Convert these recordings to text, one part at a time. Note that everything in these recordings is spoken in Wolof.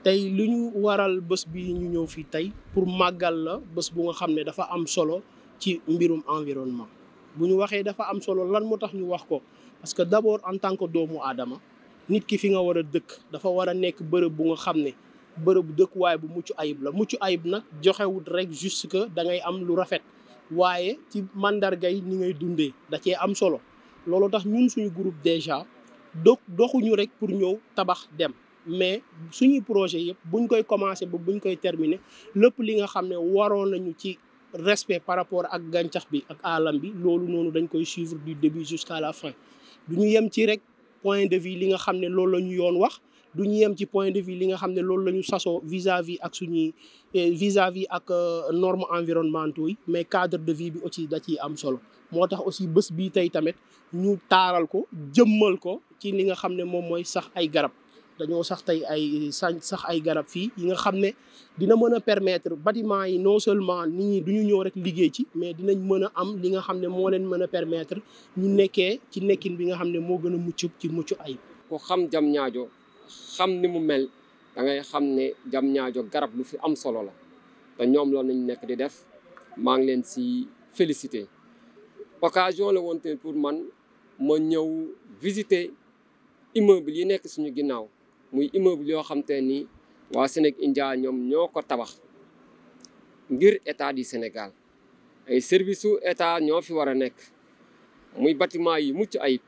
tey li ñu waral bés bi ñu ñëw fii tey pour màggal la bés bu nga xam ne dafa am solo ci mbirum environnement bu ñu waxee dafa am solo lan moo tax ñu wax ko parce que d'abord en tant que doomu aadama nit ki fi nga war a dëkk dafa war a nekk bërëb bu nga xam ne bërëb dëkkuwaay bu mucc ayib la mucc ayib nag joxewut rek juste que da ngay am lu rafet waaye ci màndargay ni ngay dundee da cee am solo loolu tax ñun suñu groupe déjà do doxuñu rek pour ñëw tabax dem mais suñu projet yëpp buñ koy commencé ba buñ koy terminer lépp li nga xam ne waroon nañu ci respect par rapport ak gàncax bi ak alam bi loolu noonu dañ koy suivre du début jusqu'à la fin du ñu yem ci rek point de vue li nga xam ne loolu la ñu yoon wax du ñu yem ci point de vue li nga xam ne loolu la ñu sasoo vis-à-vis ak suñuy eh, vis-à-vis ak euh, normes environnementaux yi mais cadre de vie bi aussi da ciy am solo moo tax aussi bés bii tey tamit ñu taaral ko jëmmal ko ci li nga xam ne moom mooy sax ay garab dañoo sax tey ay sañ sax ay garab fii yi nga xam ne dina mën a permettre bâtiment yi non seulement nit ñi du ñu ñëw rek liggéey ci mais dinañ mën a am li nga xam ne moo leen mën a permettre ñu nekkee ci nekkin bi nga xam ne moo gën a mucc ci mucc ay ko xam jam ñaajo xam ni mu mel da ngay xam ne jam ñaajo garab lu fi am solo la te ñoom loolu nañ nekk di def maa ngi leen si félicité occasion la woon pour man ma ñëw visiter immeuble yi nekk suñu ginnaaw muy immeuble yoo xam te ni waa Sénégal India ñoom ñoo ko tabax ngir état du Sénégal ay service su état ñoo fi war a nekk muy bâtiment yi mucc ayib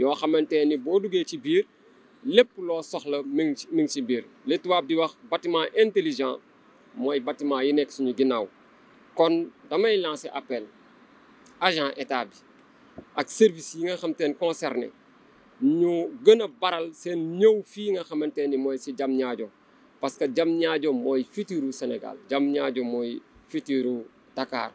yoo xamante ni boo duggee ci biir lépp loo soxla mi ngi mi ngi ci biir li tubaab di wax batiment intelligent mooy bâtiment yi nekk suñu ginnaaw kon damay lancé appel agent état bi ak service yi nga xam te ne concerné ñu gën a baral seen ñëw fii nga xamante ni mooy si jam ñaajo parce que jam ñaajo mooy futuru Sénégal jam ñaajo mooy futuru Dakar